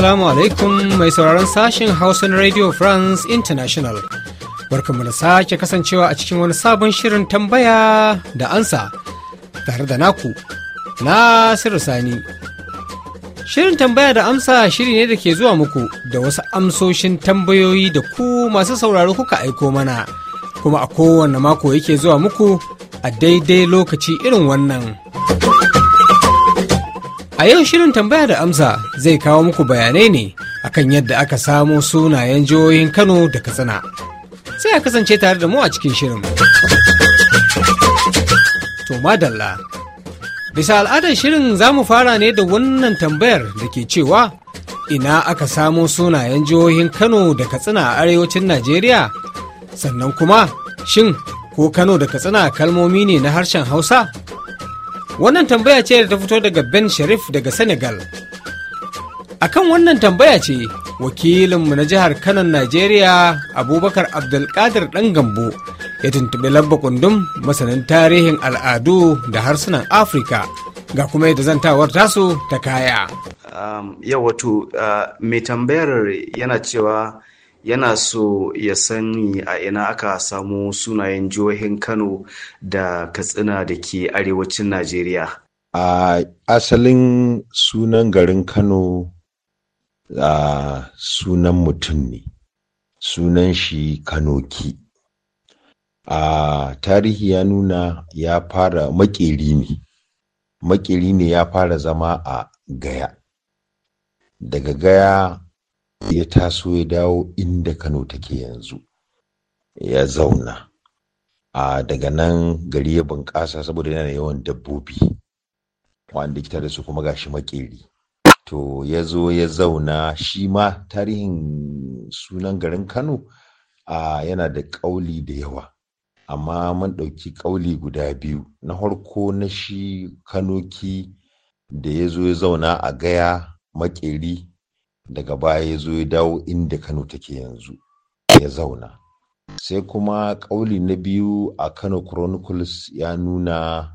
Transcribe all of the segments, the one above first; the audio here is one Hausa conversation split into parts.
Assalamu alaikum mai sauraron sashen Hausa na Radio France International. Barkanmu da sake kasancewa a cikin wani sabon shirin tambaya da ansa tare da naku Nasiru Sani. Shirin tambaya da amsa shiri ne da ke zuwa muku da wasu amsoshin tambayoyi da ku masu sauraro kuka aiko mana, kuma a kowane mako yake zuwa muku a daidai lokaci irin wannan. A yau shirin tambaya da amsa zai kawo muku bayanai ne akan yadda aka samo sunayen jihohin Kano da Katsina. Sai a kasance tare da mu a cikin shirin. To madalla. Bisa al'adar shirin za mu fara ne da wannan tambayar da ke cewa ina aka samo sunayen jihohin Kano da Katsina a arewacin Najeriya? Sannan kuma shin ko Kano da Katsina kalmomi ne na harshen Hausa? Wannan tambaya ce da ta fito daga Ben Sharif daga Senegal. Akan wannan tambaya ce wakilinmu na jihar kanon Najeriya Abubakar Abdulkadir ɗan gambo ya tuntuɓi labba kundum masanin tarihin al'adu da harsunan Afirka ga kuma yadda zantawar tasu ta kaya. Um, yau wato uh, mai tambayar yana cewa yana so ya sani a ina aka samu sunayen jihohin kano da katsina da ke arewacin najeriya a asalin sunan garin kano a sunan mutum ne sunan shi kanoki a tarihi ya nuna ya fara makeri ne makeri ne ya fara zama a gaya daga gaya ya taso ya dawo inda kano take yanzu ya zauna a daga nan gari ya bunƙasa saboda yana yawan dabbobi wanda kita da su kuma gashi makeri to ya zo ya zauna shi ma tarihin sunan garin kano a yana da ƙauli da yawa amma mun ɗauki ƙauli guda biyu na harko na shi kanoki da ya zo ya zauna a gaya makeri daga baya ya zo ya dawo inda Kano take yanzu ya zauna sai kuma ƙauli na biyu a Kano Chronicles ya nuna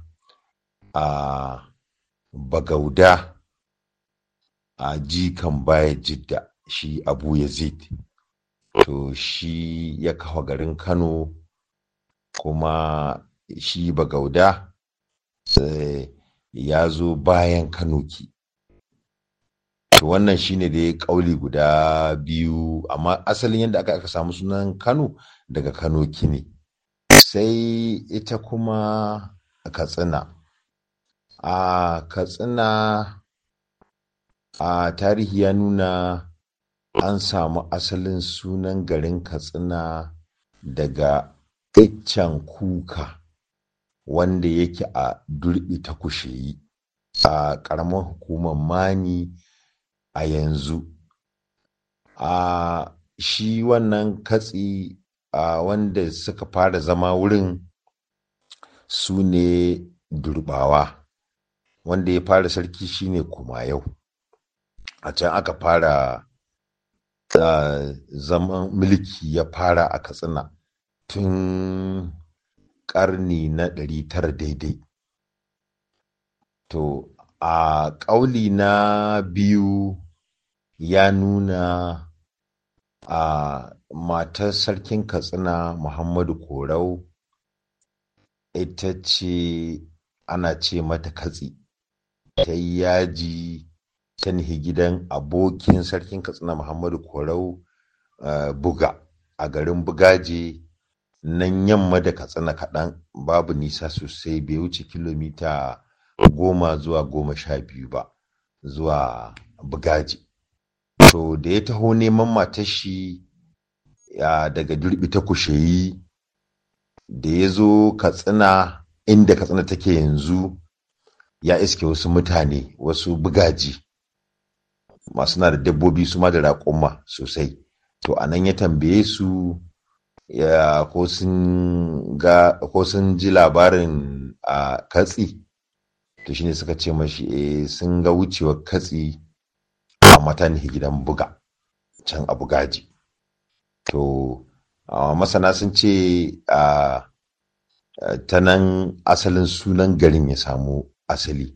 a Bagauda a jikan baya jidda shi Abu Yazid to shi ya kawo garin Kano kuma shi Bagauda sai eh, ya zo bayan Kano ki to wannan shine dai kauli guda biyu amma asalin yadda aka aka samu sunan kano daga kano kini sai ita kuma katsina a katsina a tarihi ya nuna an samu asalin sunan garin katsina daga iccen kuka wanda yake a durbi ta kushe a ƙaramar hukumar mani a yanzu a shi wannan katsi a wanda suka fara zama wurin su ne durbawa wanda ya fara sarki shine kuma yau a can aka fara zaman mulki ya fara a katsina tun karni na ɗari tara daidai to a ƙauli na biyu ya nuna a matar sarkin katsina muhammadu korau ita ce ana ce mata katsi ta yi yaji ta nihi gidan abokin sarkin katsina muhammadu korau buga a garin bugaje nan yamma da katsina kaɗan babu nisa sosai bai wuce kilomita goma zuwa goma sha biyu ba zuwa Bugaje. to da ya taho neman matar shi daga durbi ta kusheyi da ya zo katsina inda katsina take yanzu ya iske wasu mutane wasu bugaji masu na da dabbobi su ma da raƙumma sosai to a nan ya tambaye su ko sun ji labarin a katsi to shine suka ce mashi eh, sun ga wucewar katsi a matanihi gidan buga can abu gaji to masana sun ce a ta nan asalin sunan garin ya samu asali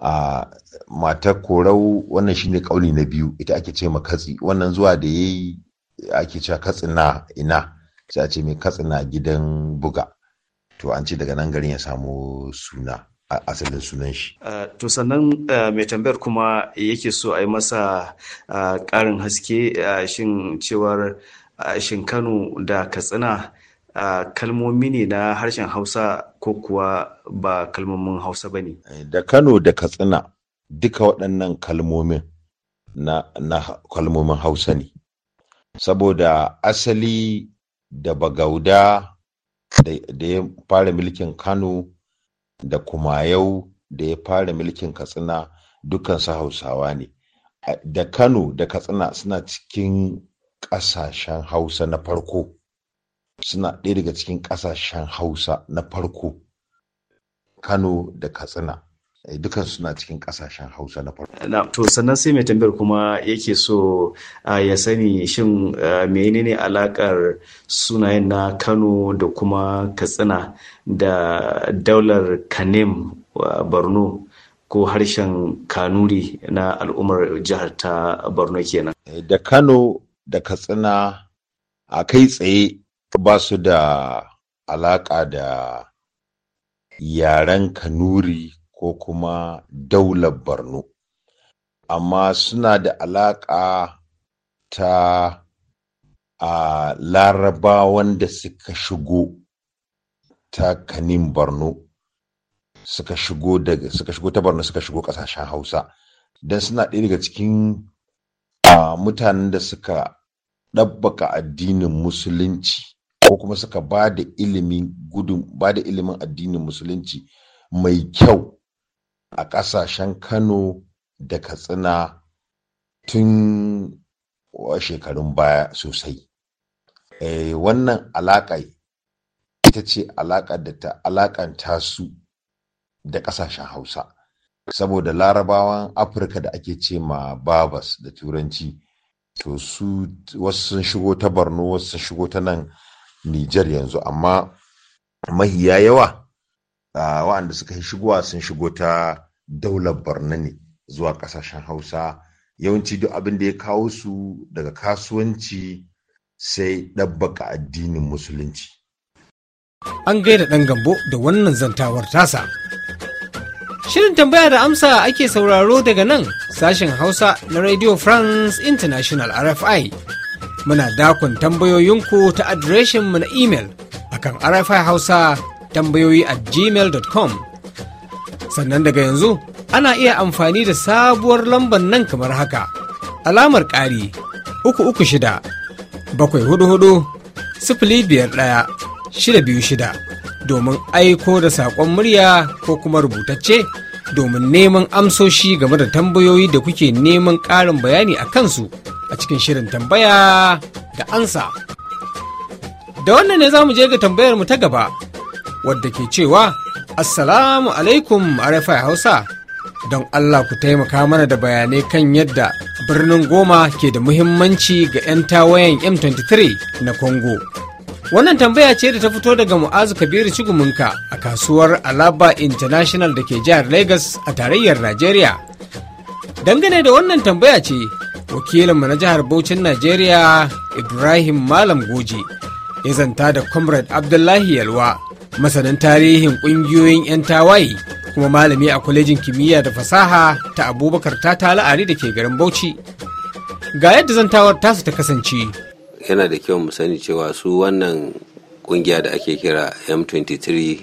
a matar korau wannan shine kauli na biyu ita ake ce ma katsi wannan zuwa da ya yi ake cewa katsina ina sai a ce mai katsina gidan buga to an ce daga nan garin ya samu suna a asalin sunan shi. Uh, to sannan uh, mai tambayar kuma yake so a yi masa uh, ƙarin haske shin cewar shin Kano da Katsina kalmomi ne na harshen Hausa ko kuwa ba kalmomin Hausa ba ne? Eh, da Kano da Katsina duka waɗannan kalmomin na, na kalmomin Hausa ne. Saboda asali da bagauda da ya fara mulkin Kano da kuma yau da ya fara mulkin katsina dukansu hausawa ne da kano da katsina suna cikin ƙasashen hausa na farko suna ɗaya daga cikin ƙasashen hausa na farko kano da katsina Eh, dukan suna cikin kasashen hausa na farko. to sannan sai mai tambayar kuma yake so ya sani shin menene alakar sunayen na kano da kuma katsina da daular kanem borno ko harshen kanuri na al'ummar jihar ta borno kenan. Eh, da kano da katsina a kai tsaye ba su da alaka da yaren kanuri ko kuma daular borno amma suna da alaƙa ta a larabawan da suka shigo ta kanin borno suka shigo daga suka shigo ta borno suka shigo ƙasashen hausa don suna ɗaya daga cikin mutanen da suka ɗabbaka addinin musulunci ko kuma suka ba da ilimin addinin musulunci mai kyau a ƙasashen kano da katsina tun shekarun baya sosai e, wannan alaƙa ita ce alaƙa da ta alaƙanta su da ƙasashen hausa saboda larabawan afirka da ake ce ma babas da turanci to su wasu sun shigo ta borno wasu sun shigo ta nan nijar yanzu amma mahiya yawa ah, waɗanda suka shigowa sun shigo ta daular borno ne zuwa kasashen hausa yawanci duk abin da ya kawo su daga kasuwanci sai ɗabbaka addinin musulunci an gaida ɗan gambo da wannan zantawar tasa shirin tambaya da amsa ake sauraro daga nan sashen hausa na radio france international rfi muna dakon tambayoyinku ta adireshinmu na imel akan rfi hausa tambayoyi at gmail.com sannan daga yanzu ana iya amfani da sabuwar lambar nan kamar haka alamar ƙari uku uku shida bakwai hudu hudu sifili biyar ɗaya shida biyu shida domin aiko da saƙon murya ko kuma rubutacce domin neman amsoshi game da tambayoyi da kuke neman ƙarin bayani a kansu a cikin shirin tambaya da ansa da wannan ne za mu je ga tambayar mu ta gaba wadda ke cewa Assalamu alaikum RFI Hausa. Don Allah ku taimaka mana da bayanai kan yadda birnin Goma ke da muhimmanci ga 'yan tawayan M23 na Congo. Wannan tambaya ce da ta fito daga Mu'azu Kabiru Chigumunka, a kasuwar Alaba International da ke jihar Lagos a tarayyar Najeriya. Dangane da wannan tambaya ce, wakilinmu na jihar Bauchin Najeriya Ibrahim Malam Goji ya zanta da Comrade Abdullahi Yalwa. masanin tarihin ƙungiyoyin 'yan tawaye kuma malami a kwalejin kimiyya da fasaha ta abubakar ta tala'ari da ke garin bauchi ga yadda zantawar tasu ta kasance yana da kyau mu sani cewa su wannan ƙungiya da ake kira m23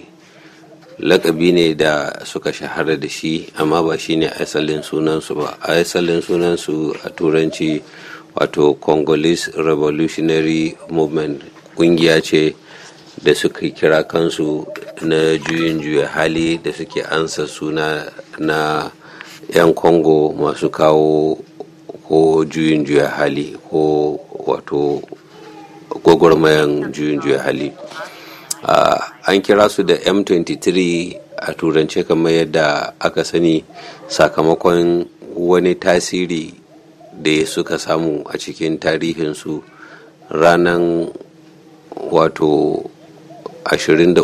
lakabi ne da suka shahara da shi amma ba shi ne asalin sunansu ba asalin sunansu a turanci wato congolese revolutionary movement ƙungiya ce da suka kira kansu na juyin juya hali da suke ansa suna na 'yan congo masu kawo ko juyin juya hali ko wato gwagwarmayan juyin juya hali an kira su da m23 a turance kamar yadda aka sani sakamakon wani tasiri da suka samu a cikin tarihinsu ranar wato 23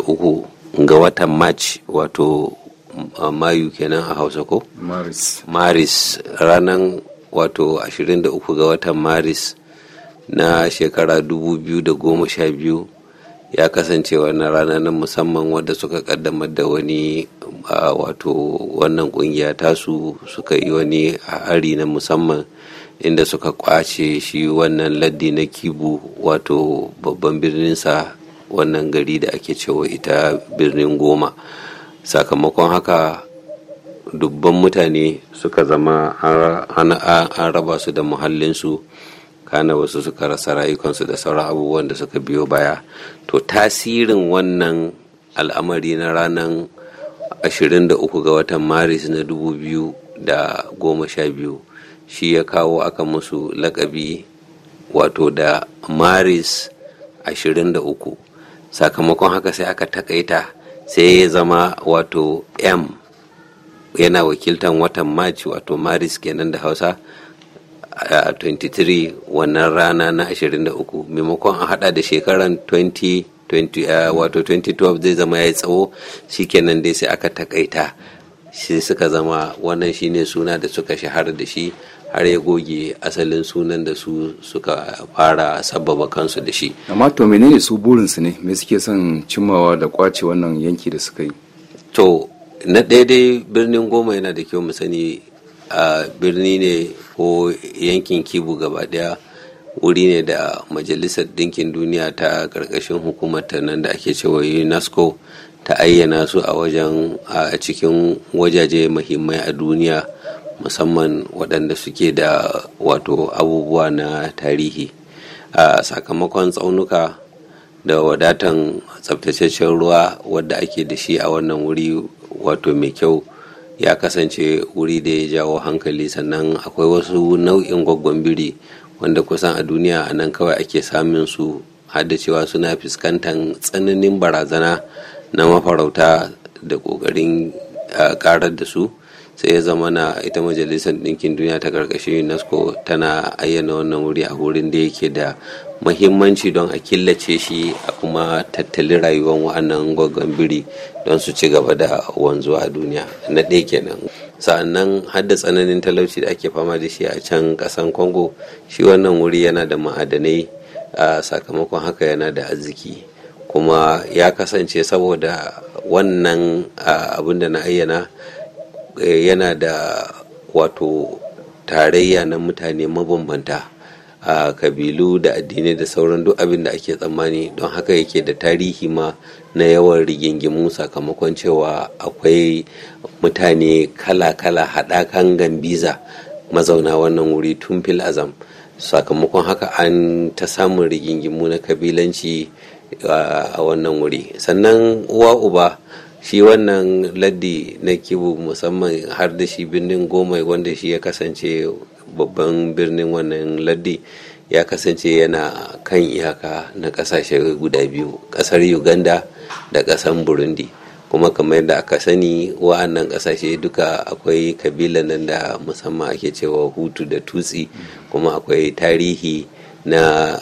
ga watan march wato uh, mayu kenan a hausa ko maris, maris ranar wato 23 ga watan maris na shekara 2012 ya kasance wannan rana na musamman wadda suka kaddamar da wani uh, wato wannan kungiya tasu suka yi wani hari na musamman inda suka kwace shi wannan laddi na kibu wato babban birnin sa. wannan gari da ake cewa ita birnin goma sakamakon haka dubban mutane suka zama an raba su da muhallinsu kana wasu suka rasa rayukansu da sauran abubuwan da suka biyo baya to tasirin wannan al'amari na ranar 23 ga watan maris na 2012 shi ya kawo aka musu lakabi wato da maris 23 sakamakon haka sai aka takaita sai ya zama wato m yana wakiltan watan march wato maris kenan da hausa a 23 wannan rana na 23 maimakon a hada da shekaran 20 2012 eh, zai zama ya yi tsawo shi kenan dai sai aka takaita sai suka zama wannan shine suna da suka shahara da shi har ya goge asalin sunan da su suka fara sababa kansu da shi amma to menene su burinsu ne me suke son cimmawa da kwace wannan yanki da suka yi to na daidai birnin goma yana da kyau mu sani a birni ne ko yankin kibu gaba daya wuri ne da majalisar ɗinkin duniya ta ƙarƙashin hukumar ta nan da ake cewa unesco ta ayyana su a wajen a cikin wajaje mahimmai a duniya musamman waɗanda suke da wato abubuwa na tarihi a sakamakon tsaunuka da wadatan tsabtataccen ruwa wadda ake da shi a wannan wuri wato mai kyau ya kasance wuri da ya jawo hankali sannan akwai wasu nau'in gwaggon biri wanda kusan a duniya a nan kawai ake samun su cewa suna fuskantar tsananin barazana na mafarauta da ƙoƙarin karar da su sai ya zama na ita majalisar ɗinkin duniya ta ƙarƙashin unesco tana ayyana wannan wuri a wurin da yake da mahimmanci don a killace shi a kuma tattali rayuwar wa'annan gwaggon biri don su ci gaba da wanzuwa a duniya na ɗaya kenan sa'annan hadda tsananin talauci da ake fama da shi a can ƙasan congo shi wannan wuri yana da ma'adanai a sakamakon haka yana da arziki kuma ya kasance saboda wannan abin da na ayyana eh, yana da wato tarayya na mutane mabambanta a kabilu da addinai da sauran duk abin da ake tsammani don haka yake da tarihi ma na yawan rigingimu sakamakon cewa akwai mutane kala-kala haɗakan gambiza mazauna wannan wuri tun fil azam sakamakon haka an ta samun rigingimu na kabilanci a wannan wuri sannan uwa uba shi wannan laddi na kibu musamman har da shi birnin goma wanda shi ya kasance babban birnin wannan laddi ya kasance yana kan iyaka na kasashe guda biyu kasar uganda da kasar burundi kuma kamar yadda aka sani wa'annan kasashe duka akwai kabila nan da musamman ake cewa hutu da tutsi kuma akwai tarihi na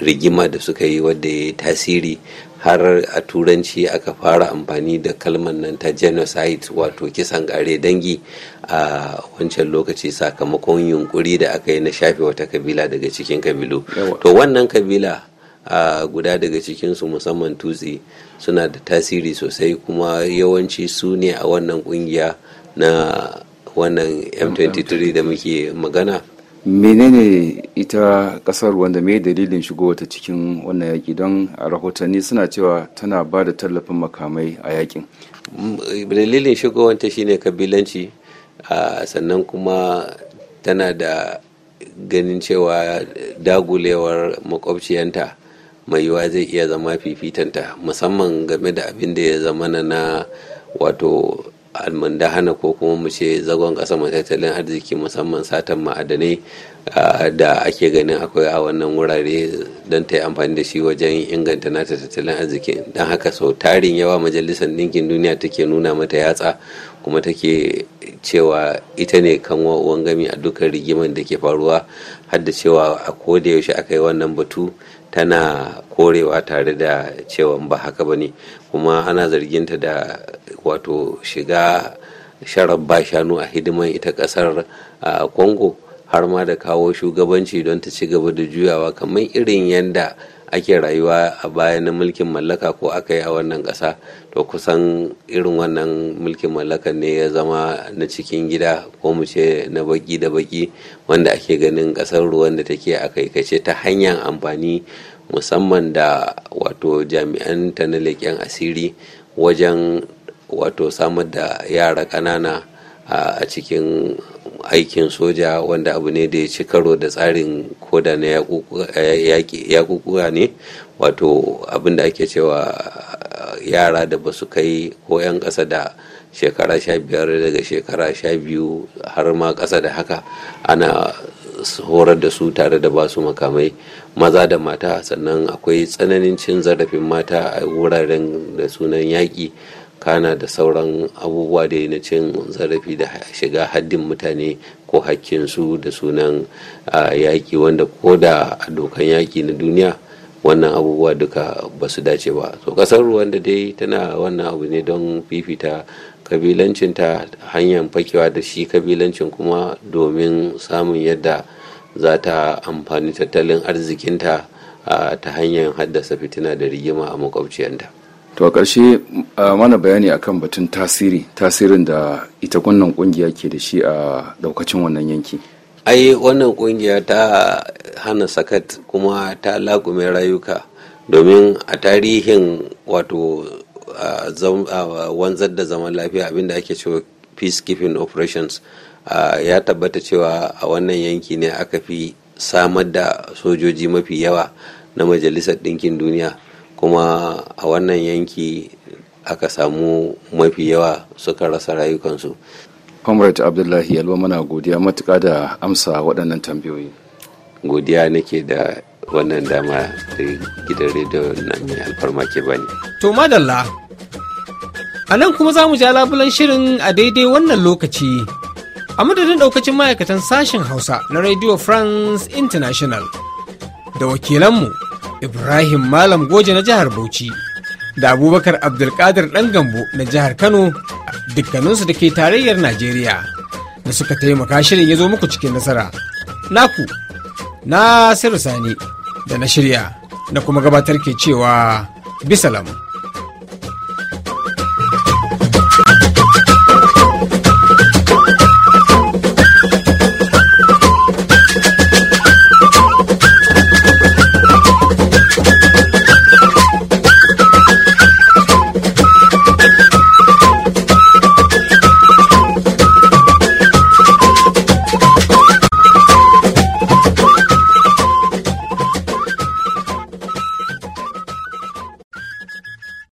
rigima da suka yi wadda ya tasiri har a turanci aka fara amfani da kalmar nan ta genocide wato kisan kare dangi a wancan lokaci sakamakon yunkuri da aka yi na shafe wata kabila daga cikin kabilu to wannan kabila a guda daga cikinsu musamman tutsi suna da tasiri sosai kuma yawanci su ne a wannan kungiya na wannan m23 da muke magana menene ita kasar wanda mai dalilin shigo ta cikin wannan yaƙi don a rahotanni suna cewa tana ba da tallafin makamai a yaƙin mm, dalilin shi shine kabilanci sannan kuma tana da ganin cewa dagulewar makwabciyanta mai yiwa zai iya zama fifitanta musamman game da abin da ya zama na wato almanda hana ko kuma mu ce zagon ƙasa mai tattalin arziki musamman satan ma'adanai da ake ganin akwai a wannan wurare don ta yi amfani da shi wajen inganta nata tattalin arziki don haka sau tarin yawa majalisar ɗinkin duniya take nuna mata yatsa kuma take cewa ita ne kan wangami a dukkan rigiman da ke faruwa har da cewa a koda yaushe aka yi wannan batu tana korewa tare da cewa ba haka ba ne kuma ana zarginta da wato shiga sharar ba shanu a hidiman ita kasar congo har ma da kawo shugabanci don ta ci gaba da juyawa kamar irin yadda ake rayuwa a baya na mulkin mallaka ko aka yi a wannan ƙasa to kusan irin wannan mulkin mallaka ne ya zama na cikin gida ko mu ce na baki da baki wanda ake ganin ƙasar ruwan da take a kaikace ta hanyar amfani musamman da wato jami'an ta na leƙen asiri wajen wato samar da yara ƙanana a cikin aikin soja wanda abu ne da ya ci karo da tsarin koda na yakukuwa ne wato abin da ake cewa uh, yara da ba su kai ko'yan 'yan ƙasa da shekara sha biyar daga shekara sha biyu har ma ƙasa da haka ana horar da su tare da basu makamai maza da mata sannan akwai tsananin cin zarafin mata a wuraren da sunan yaƙi kana da sauran abubuwa da na cin zarafi da shiga haddin mutane ko su da sunan yaƙi wanda ko da dokan yaƙi na duniya wannan abubuwa duka ba su dace ba so ƙasar da dai tana wannan abu ne don fifita kabilancinta hanyar fakewa da shi kabilancin kuma domin samun yadda za ta amfani tattalin arzikinta ta hanyar haddasa fitina da rigima a makwabciyanta. to a ƙarshe mana bayani akan batun tasiri tasirin da ita wannan ƙungiya ke da shi a ɗaukacin wannan yanki ai wannan ƙungiya ta hana sakat kuma ta lagume rayuka domin a tarihin wato wanzar da zaman lafiya abinda ake cewa peacekeeping operations ya tabbata cewa a wannan yanki ne aka fi samar da sojoji mafi yawa na majalisar ɗinkin duniya kuma a wannan yanki aka samu mafi yawa suka rasa rayukansu comrade abdullahi yalwa mana godiya matuƙa da amsa waɗannan tambayoyi godiya nake da wannan dama da gidan rediyo na mai alfarma ke bani to madalla a nan kuma za mu ja labulan shirin a daidai wannan lokaci a madadin ɗaukacin ma'aikatan sashen hausa na radio france international da wakilanmu Ibrahim Malam Goje na jihar Bauchi da Abubakar Abdulkadir ɗan gambo na jihar Kano dukkaninsu da ke tarayyar Najeriya da suka taimaka shirin ya zo muku cikin nasara. Naku, Nasiru Sani da na shirya na kuma gabatar ke cewa bisalam.